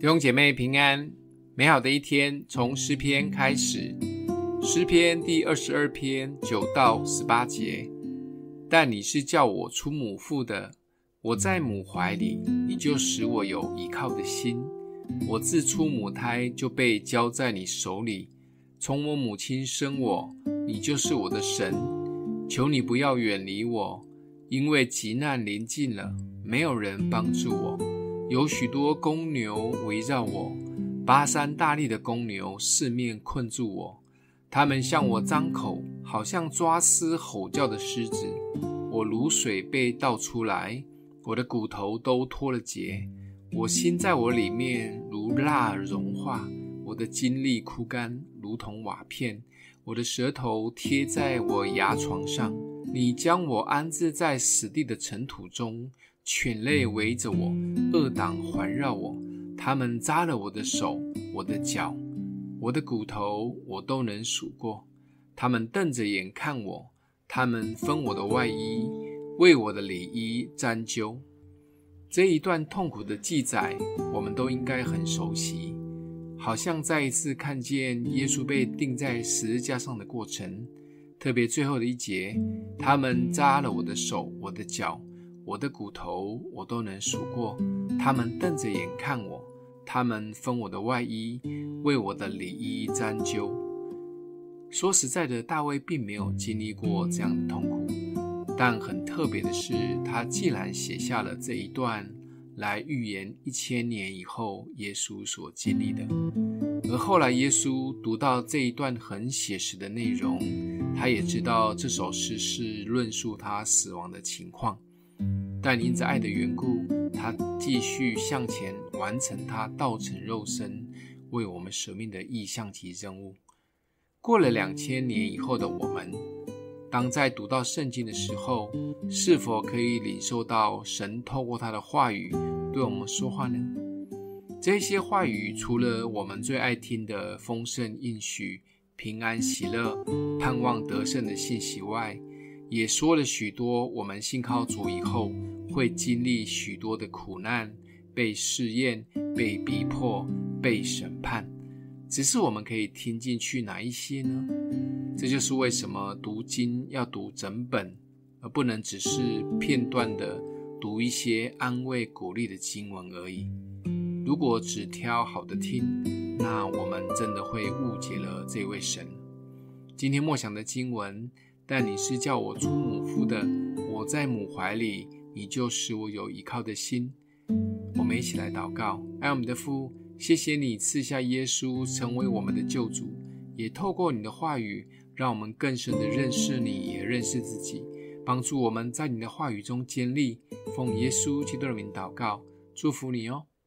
弟兄姐妹平安，美好的一天從詩篇開始。詩篇第二十二篇九到十八節。但你是叫我出母腹的，我在母懷裡，你就使我有依靠的心。我自出母胎就被交在你手裡，從我母親生我，你就是我的神。求你不要遠離我，因為急難臨近了，沒有人幫助我。有許多公牛圍繞我，巴珊大力的公牛四面困住我。他們向我張口，好像抓撕吼叫的獅子。我如水被倒出來，我的骨頭都脫了節。我心在我裡面如蠟融化，我的精力枯乾如同瓦片。我的舌頭貼在我牙床上。你將我安置在死地的塵土中。犬類圍着我，惡黨環繞我，他們扎了我的手、我的腳、我的骨頭，我都能數過。他們瞪着眼看我，他們分我的外衣，為我的裡衣拈鬮。這一段痛苦的記載，我們都應該很熟悉，好像再一次看見耶穌被釘在十字架上的過程，特別最後的一節，他們扎了我的手、我的腳。我的骨頭我都能數過，他們瞪着眼看我，他們分我的外衣，為我的裡衣拈鬮。說實在的，大衛並沒有經歷過這樣的痛苦，但很特別的是，他既然寫下了這一段來預言一千年以後耶穌所經歷的，而後來耶穌讀到這一段很寫實的內容，他也知道這首詩是論述他死亡的情況。但因着愛的緣故，他繼續向前完成他道成肉身為我們捨命的異象及任務。過了兩千年以後的我們，當在讀到聖經的時候，是否可以領受到神透過他的話語對我們說話呢？這些話語除了我們最愛聽的豐盛應許、平安喜樂、盼望得勝的信息外，也說了許多，我們信靠主以後會經歷許多的苦難，被試驗、被逼迫、被審判。只是我們可以聽進去哪一些呢？這就是為什麼讀經要讀整本，而不能只是片段的讀一些安慰鼓勵的經文而已。如果只挑好的聽，那我們真的會誤解了這位神。今天默想的經文。但你是叫我出母腹的，我在母懷裡，你就使我有依靠的心。我們一起來禱告，愛我們的父，謝謝你賜下耶穌成為我們的救主，也透過你的話語，讓我們更深的認識你，也認識自己，幫助我們在你的話語中堅立。奉耶穌基督的名禱告，祝福你哦。